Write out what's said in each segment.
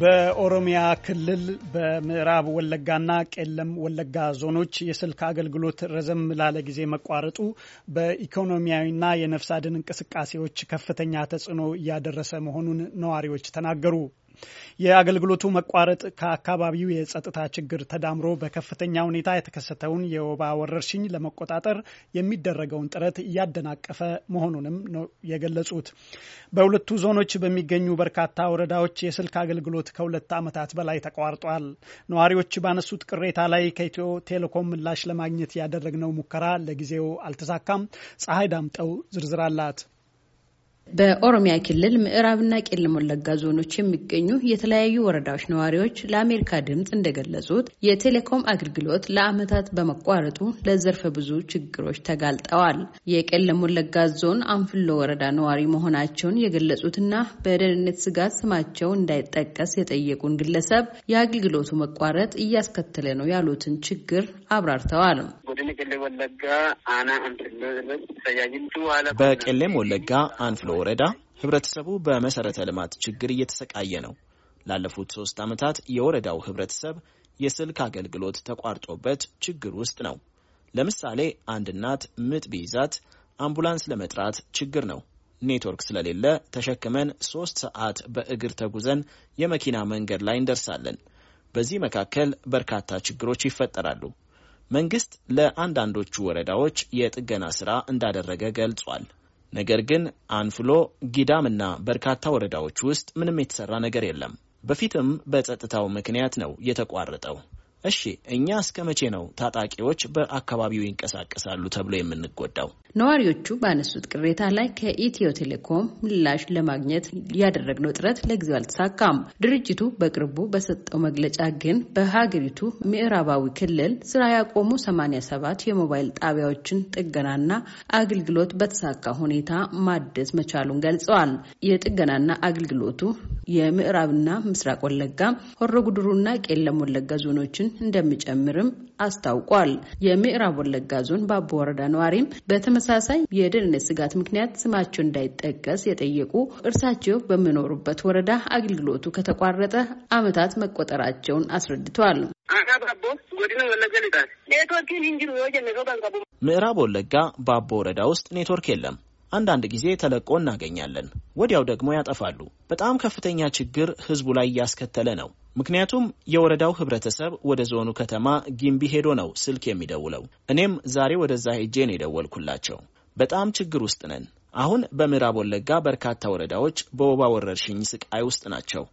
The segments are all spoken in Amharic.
በኦሮሚያ ክልል በምዕራብ ወለጋና ቄለም ወለጋ ዞኖች የስልክ አገልግሎት ረዘም ላለ ጊዜ መቋረጡ በኢኮኖሚያዊና የነፍስ አድን እንቅስቃሴዎች ከፍተኛ ተጽዕኖ እያደረሰ መሆኑን ነዋሪዎች ተናገሩ። የአገልግሎቱ መቋረጥ ከአካባቢው የጸጥታ ችግር ተዳምሮ በከፍተኛ ሁኔታ የተከሰተውን የወባ ወረርሽኝ ለመቆጣጠር የሚደረገውን ጥረት እያደናቀፈ መሆኑንም ነው የገለጹት። በሁለቱ ዞኖች በሚገኙ በርካታ ወረዳዎች የስልክ አገልግሎት ከሁለት ዓመታት በላይ ተቋርጧል። ነዋሪዎች ባነሱት ቅሬታ ላይ ከኢትዮ ቴሌኮም ምላሽ ለማግኘት ያደረግነው ሙከራ ለጊዜው አልተሳካም። ፀሐይ ዳምጠው ዝርዝር አላት። በኦሮሚያ ክልል ምዕራብና ቄለም ወለጋ ዞኖች የሚገኙ የተለያዩ ወረዳዎች ነዋሪዎች ለአሜሪካ ድምፅ እንደገለጹት የቴሌኮም አገልግሎት ለዓመታት በመቋረጡ ለዘርፈ ብዙ ችግሮች ተጋልጠዋል። የቄለም ወለጋ ዞን አንፍሎ ወረዳ ነዋሪ መሆናቸውን የገለጹትና በደህንነት ስጋት ስማቸው እንዳይጠቀስ የጠየቁን ግለሰብ የአገልግሎቱ መቋረጥ እያስከተለ ነው ያሉትን ችግር አብራርተዋል። በቄሌም ወለጋ አንፍሎ ወረዳ ህብረተሰቡ በመሰረተ ልማት ችግር እየተሰቃየ ነው። ላለፉት ሶስት ዓመታት የወረዳው ህብረተሰብ የስልክ አገልግሎት ተቋርጦበት ችግር ውስጥ ነው። ለምሳሌ አንድ እናት ምጥ ቢይዛት አምቡላንስ ለመጥራት ችግር ነው። ኔትወርክ ስለሌለ ተሸክመን ሶስት ሰዓት በእግር ተጉዘን የመኪና መንገድ ላይ እንደርሳለን። በዚህ መካከል በርካታ ችግሮች ይፈጠራሉ። መንግስት ለአንዳንዶቹ ወረዳዎች የጥገና ስራ እንዳደረገ ገልጿል። ነገር ግን አንፍሎ፣ ጊዳም እና በርካታ ወረዳዎች ውስጥ ምንም የተሰራ ነገር የለም። በፊትም በጸጥታው ምክንያት ነው የተቋረጠው። እሺ እኛ እስከ መቼ ነው ታጣቂዎች በአካባቢው ይንቀሳቀሳሉ ተብሎ የምንጎዳው? ነዋሪዎቹ ባነሱት ቅሬታ ላይ ከኢትዮ ቴሌኮም ምላሽ ለማግኘት ያደረግነው ጥረት ለጊዜው አልተሳካም። ድርጅቱ በቅርቡ በሰጠው መግለጫ ግን በሀገሪቱ ምዕራባዊ ክልል ስራ ያቆሙ 87 የሞባይል ጣቢያዎችን ጥገናና አገልግሎት በተሳካ ሁኔታ ማደስ መቻሉን ገልጸዋል። የጥገናና አገልግሎቱ የምዕራብና ምስራቅ ወለጋ፣ ሆሮ ጉድሩና ቄለም ወለጋ ዞኖችን እንደሚጨምርም አስታውቋል። የምዕራብ ወለጋ ዞን ባቦ ወረዳ ነዋሪም በተመ በተመሳሳይ የደህንነት ስጋት ምክንያት ስማቸው እንዳይጠቀስ የጠየቁ እርሳቸው በሚኖሩበት ወረዳ አገልግሎቱ ከተቋረጠ ዓመታት መቆጠራቸውን አስረድተዋል። ምዕራብ ወለጋ በአቦ ወረዳ ውስጥ ኔትወርክ የለም። አንዳንድ ጊዜ ተለቆ እናገኛለን። ወዲያው ደግሞ ያጠፋሉ። በጣም ከፍተኛ ችግር ህዝቡ ላይ እያስከተለ ነው። ምክንያቱም የወረዳው ህብረተሰብ ወደ ዞኑ ከተማ ጊምቢ ሄዶ ነው ስልክ የሚደውለው። እኔም ዛሬ ወደዛ ሄጄ ነው የደወልኩላቸው። በጣም ችግር ውስጥ ነን። አሁን በምዕራብ ወለጋ በርካታ ወረዳዎች በወባ ወረርሽኝ ስቃይ ውስጥ ናቸው።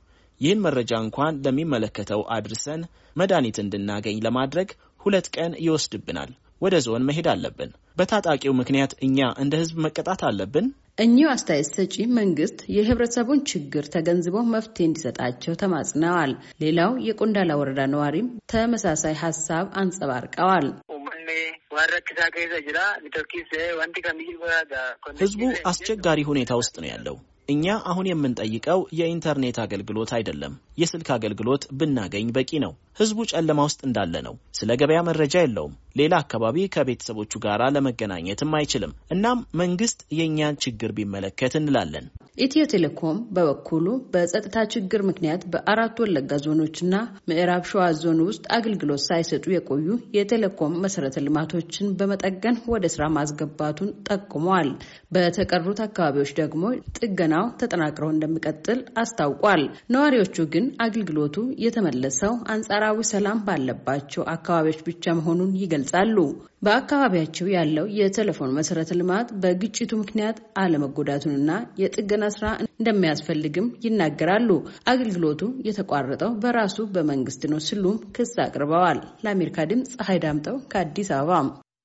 ይህን መረጃ እንኳን ለሚመለከተው አድርሰን መድኃኒት እንድናገኝ ለማድረግ ሁለት ቀን ይወስድብናል። ወደ ዞን መሄድ አለብን። በታጣቂው ምክንያት እኛ እንደ ህዝብ መቀጣት አለብን? እኚሁ አስተያየት ሰጪ መንግስት የህብረተሰቡን ችግር ተገንዝቦ መፍትሄ እንዲሰጣቸው ተማጽነዋል። ሌላው የቆንዳላ ወረዳ ነዋሪም ተመሳሳይ ሀሳብ አንጸባርቀዋል። ህዝቡ አስቸጋሪ ሁኔታ ውስጥ ነው ያለው። እኛ አሁን የምንጠይቀው የኢንተርኔት አገልግሎት አይደለም። የስልክ አገልግሎት ብናገኝ በቂ ነው። ህዝቡ ጨለማ ውስጥ እንዳለ ነው። ስለ ገበያ መረጃ የለውም። ሌላ አካባቢ ከቤተሰቦቹ ጋር ለመገናኘትም አይችልም። እናም መንግስት የእኛን ችግር ቢመለከት እንላለን። ኢትዮ ቴሌኮም በበኩሉ በጸጥታ ችግር ምክንያት በአራት ወለጋ ዞኖችና ምዕራብ ሸዋ ዞን ውስጥ አገልግሎት ሳይሰጡ የቆዩ የቴሌኮም መሰረተ ልማቶችን በመጠገን ወደ ስራ ማስገባቱን ጠቁመዋል። በተቀሩት አካባቢዎች ደግሞ ጥገናው ተጠናክሮ እንደሚቀጥል አስታውቋል። ነዋሪዎቹ ግን አገልግሎቱ የተመለሰው አንጻራዊ ሰላም ባለባቸው አካባቢዎች ብቻ መሆኑን ይገልጻሉ። በአካባቢያቸው ያለው የቴሌፎን መሰረተ ልማት በግጭቱ ምክንያት አለመጎዳቱንና የጥገና ስራ እንደሚያስፈልግም ይናገራሉ። አገልግሎቱ የተቋረጠው በራሱ በመንግስት ነው ሲሉም ክስ አቅርበዋል። ለአሜሪካ ድምፅ ፀሐይ ዳምጠው ከአዲስ አበባ